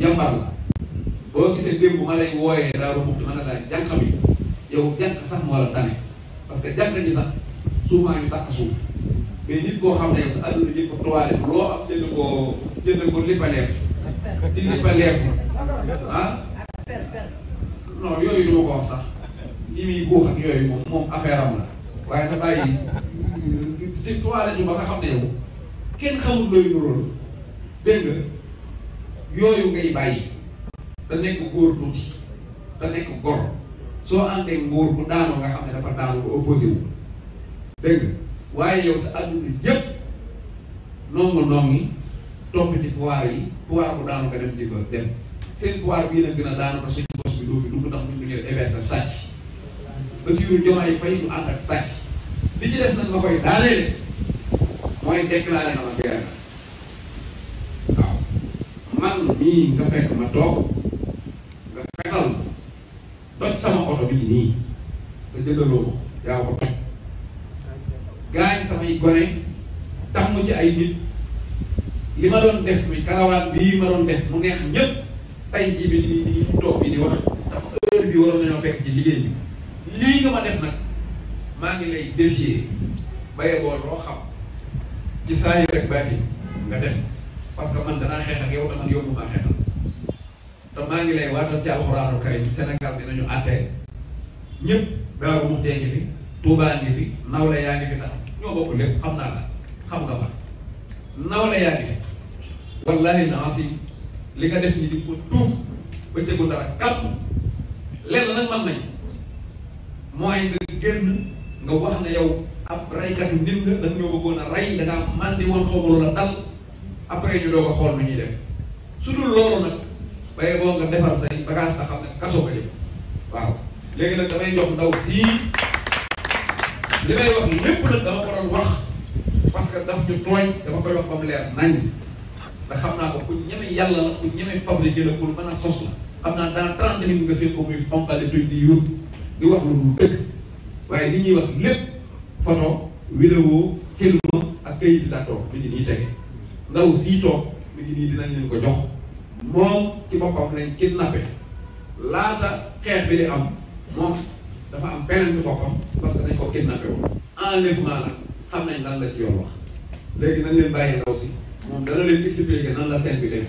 jàmbar la boo gisee démb ma lay wooyee daaru muxti mën a laaj jànq bi yow jànq sax moo la tane parce que jànq ji sax souvent ñu takk suuf mais nit koo xam ne yow sa àdduna jël ko toilette loo am jënd ko jënd ko lippaleef di lippaleef ah non yooyu duma ko wax sax li muy góox ak yooyu moom moom affaire am la waaye na bàyyi ci toilette ba nga xam ne yow kenn xamul looy nuróol dégg nga yooyu ngay bàyyi te nekk góor tuuti te soo àndee nguur bu daanoo nga xam ne dafa daanu lu opposé wu dégg nga waaye yow sa àdduna yépp noonga noongi topp ci pouvoir yi pouvoir bu daanu nga dem ci ba dem seen pouvoir bii la gën a daanu ko suñu bos bi doo fi dugg ndax ñun du ngeen éversé sàcc Bassirou Diomaye Faye du ànd ak sàcc li ci des koy daaneele mooy déclaré na ma nii nga fekk ma toog nga fetal doj sama oto bi nii nga jëndaloo yaa ko toj gaañ samay gone damm ci ay nit li ma doon def mi karawaan bii ma doon def mu neex ñëpp tey jii bi nii nii toog bi di wax dama heure bi waroon nañoo fekk ci liggéey bi lii nga ma def nag maa ngi lay défier baye boo loo xam ci saa yi rek bàyyi nga def parce que man danaa xeex ak yow te man yóbbu maa xeexal te maa ngi lay waatal ci alxuraanu karim Sénégal dinañu àttee ñëpp Daaru Muxti ngi fi Tuubaa ngi nawle yaa ngi naa la xam nga def ni di tuub ba jëgu dara kàpp lenn nag mën nañ mooy nga génn nga wax ne yow ab raykatu nit nga danga ñoo bëggoon a rey dangaa man di woon xawma lu la dal après ñu doog a xool lu ñuy def su dul loolu nag bay boo nga defal say bagage ta xam ne kaso ko jëm waaw léegi nag damay jox ndaw sii li may wax lépp nag dama ko doon wax parce que daf ñu tooñ dama koy wax bam leer nañ ndax xam naa ko ku ñeme yàlla la ku ñeme fab jëla pour mën a sos la xam naa dans trente minutes nga seen ko muy fonkale tuñ di yóbbu di wax lu dul dëgg waaye li ñuy wax lépp photo vidéo film ak kayit la toog li tege ndaw sii toog mi ngi nii leen ko jox moom ci boppam lañ kidnappé laata xeex bi di am moom dafa am beneen bi boppam parce que dañ ko kidnappé woon enlèvement la xam nañ lan la ci yoon wax léegi nañ leen bàyyi ndaw si moom dana leen expliqué nan la seen bi def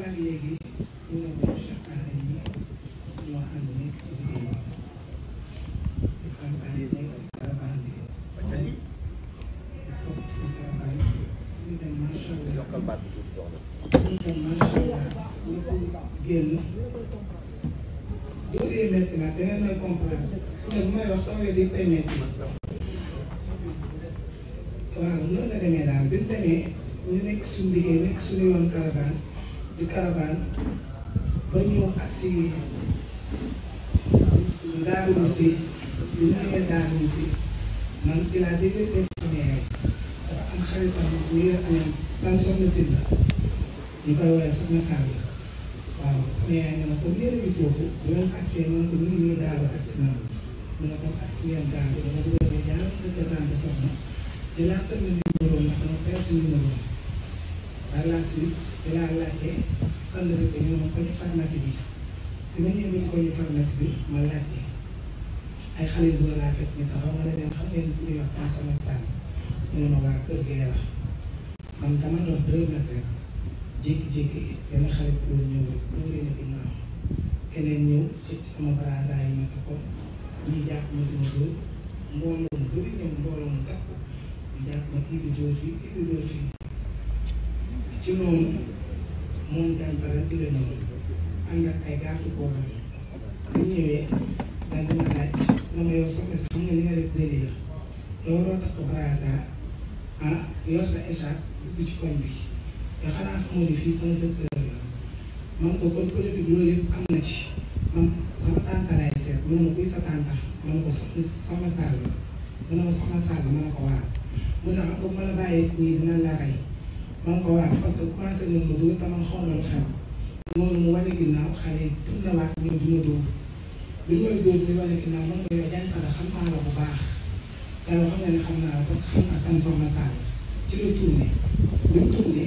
ak léegi innovation aada yi ñoo am nekk ci liggéey bi campagne nekk ci caravane bi di topp ci caravane fu ñu dem macha allah fu ñu dem macha allah ñëpp génn dóor yi métti na da ngeen may comprendre fu ne bu may wax sama di koy métti waaw noonu la demee daal bi mu demee ñu nekk suñu liggéey nekk suñu yoon caravane di caravane ba ñëw ak si ñu ñëwee Daaru Muxti man ci déggee tey sama yaay dafa am xaritam bu yor añam tam soxna si la ñu koy woowee soxna Sall waaw sama yaay ne ma comme yéen a ngi foofu bu leen accès ma ne ko ñun ñu daaru accès na mu ne comme accès ngeen daaru dama bëgg nga jaar sa kër soxna di par la suite dinaa laajte fan ñu ne ma koñu pharmacie bi bi ma ñëwee ci koñu pharmacie bi ma laajte ay xale yu laa fekk ñu taxaw ma ne leen xam ngeen ku ñuy wax Pape Sama Sall ñu ne ma waa kër gi la man dama dox deux mètres rek jékki-jékki dama xale bu ñëw rek ñëw leen ak naaw keneen ñëw xëcc sama brassard yi ma takkoon ñu jàpp ma kii di dóor fii kii di dóor ci noonu montagne ba rek la ñëw ànd ak ay garde corps am ñëwee daal di ma laaj na ma yow sax xam nga li nga def déli la yow waroo takk braza ah yor sa écharpe dugg ci koñ bi yow xanaa xamoo ni fii sama secteur la man na mu kuy sa tànta ma ne ko soxna sama sàll mu ne ma soxna sàll ma ne ko waaw mu ne xam nga ah, ma la bàyyee kii la rey ma ko waaw parce que commencé nañ ma dóor dama xaw ma lu xew noonu mu wane ginnaaw xale yi tur na waat ñëw di ma dóor bi ñu may dóor ñu wane ginnaaw man ko yow jànkala xam naa la bu baax te yow xam nga ne xam naa la parce que xam naa kan bi mu tourné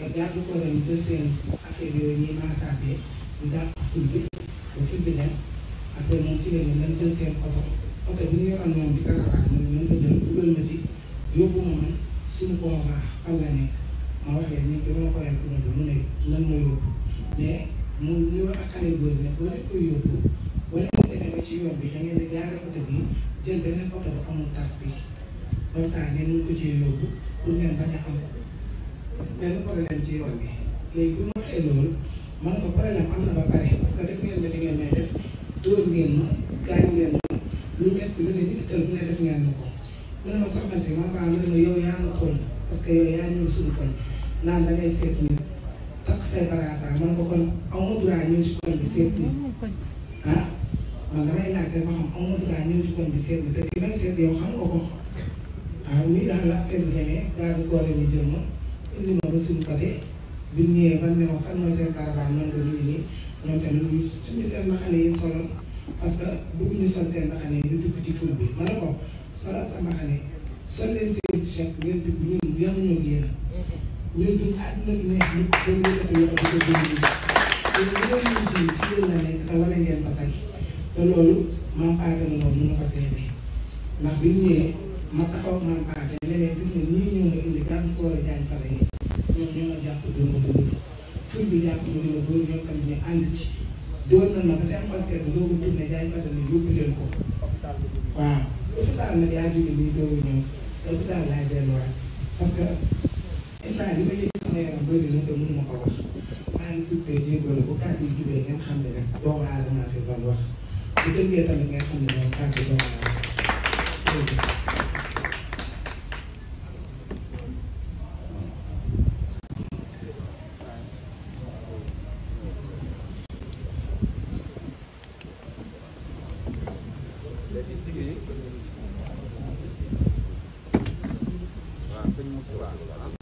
eh, jàpp ko ren de seen affaire bi ba ful bi dem après moom ci la ñu nan jël seen oto oto bi ñu yoroon noonu di ko rabaat moom nan ko jël dugal ma ma man suñu convoi fan la nekk. ma wax leen ni damaa koy yàgg nag mu ne nan ma yóbbu mais mu ñu wax ak xale góor ne boo leen koy yóbbu boo leen demee ba ci yoon bi da ngeen di gaare oto bi jël beneen oto bu amul taf bi comme ça ngeen mun ko cee yóbbu pour ngeen bañ a am benn problème ci yoon bi léegi bu ma waxee loolu man ko problème am na ba pare parce def ngeen ma li ngeen def dóor ngeen ma gaañ ma lu nekk ne nit tël bu ne def ma ne ma soxna si man ne ma yow yaa nga tooñ parce naan da ngay seet nii takk say bagages man ko kon aw ma droit ñëw ci koñ bi seet nii ah man damay laaj rek ba xam aw ma droit ñëw ci koñ bi seet nii te ki may seet yow xam nga ko waaw ah, nii daal la affaire bi demee daal di góor ñu jël ma indi ma ba suñu côté bi ñëwee ban ne ma fan mooy seen caravane man nga nii nii ñoom tamit ñu suñu seen mbaxane yi soloon parce que bëgg ñu sol seen mbaxane yi ñu dugg ci ful bi ma ne ko solal sa mbaxane sol leen seen t-shirt ngeen dugg ñun yemuñoo ak yéen. ñooñu ñun àdduna bi neex na ko doon yëkkati loxo di ko déglu loolu ñu ci ci yéen la nekk te wane ngeen ko tey te loolu maam Paate na loolu mun na ko seede ndax bi ñu ñëwee ma taxaw ak maam Paate ne leen gis ne ñii ñoo ma indi gàllankoor koola jaañ fa rek ñoom ñoo ma jàpp doon ma dóor ful bi jàpp ma dina dóor ñoom tamit ñu ànd ci doon na ma ba seen xol seet bi doo ko tourné jaañ fa ne yóbbu leen ko waaw hôpital nag yaa jóge nii doo ñëw hôpital laay delluwaat parce que instant li ma yëg sama yaram bëri na te mënuma ko wax maa ngi tuddee jéegoon bu kàddu yi jubee ngeen xam ne rek doomu aadama fi doon wax bu dëggee tamit ngeen xam ne moom kàddu doomu aadama waaw sëñ Moussa waaw